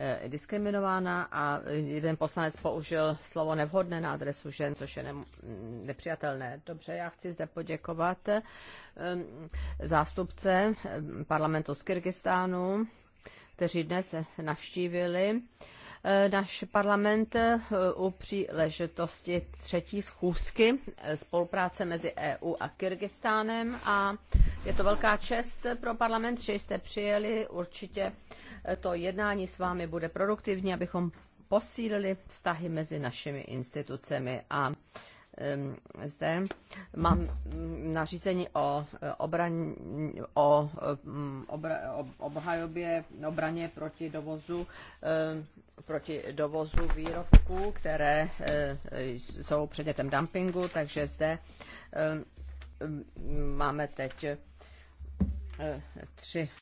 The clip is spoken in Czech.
Eh, diskriminována a jeden poslanec použil slovo nevhodné na adresu žen, což je nepřijatelné. Dobře, já chci zde poděkovat eh, zástupce eh, parlamentu z Kyrgyzstánu, kteří dnes navštívili náš parlament u příležitosti třetí schůzky spolupráce mezi EU a Kyrgyzstánem a je to velká čest pro parlament, že jste přijeli. Určitě eh, to jednání s vámi bude produktivní, abychom posílili vztahy mezi našimi institucemi a zde mám mm, nařízení o, eh, obraň, o mm, obra, obhajobě, obraně proti dovozu, proti dovozu výrobků, které eh, jsou předmětem dumpingu, takže zde máme teď Eh, tři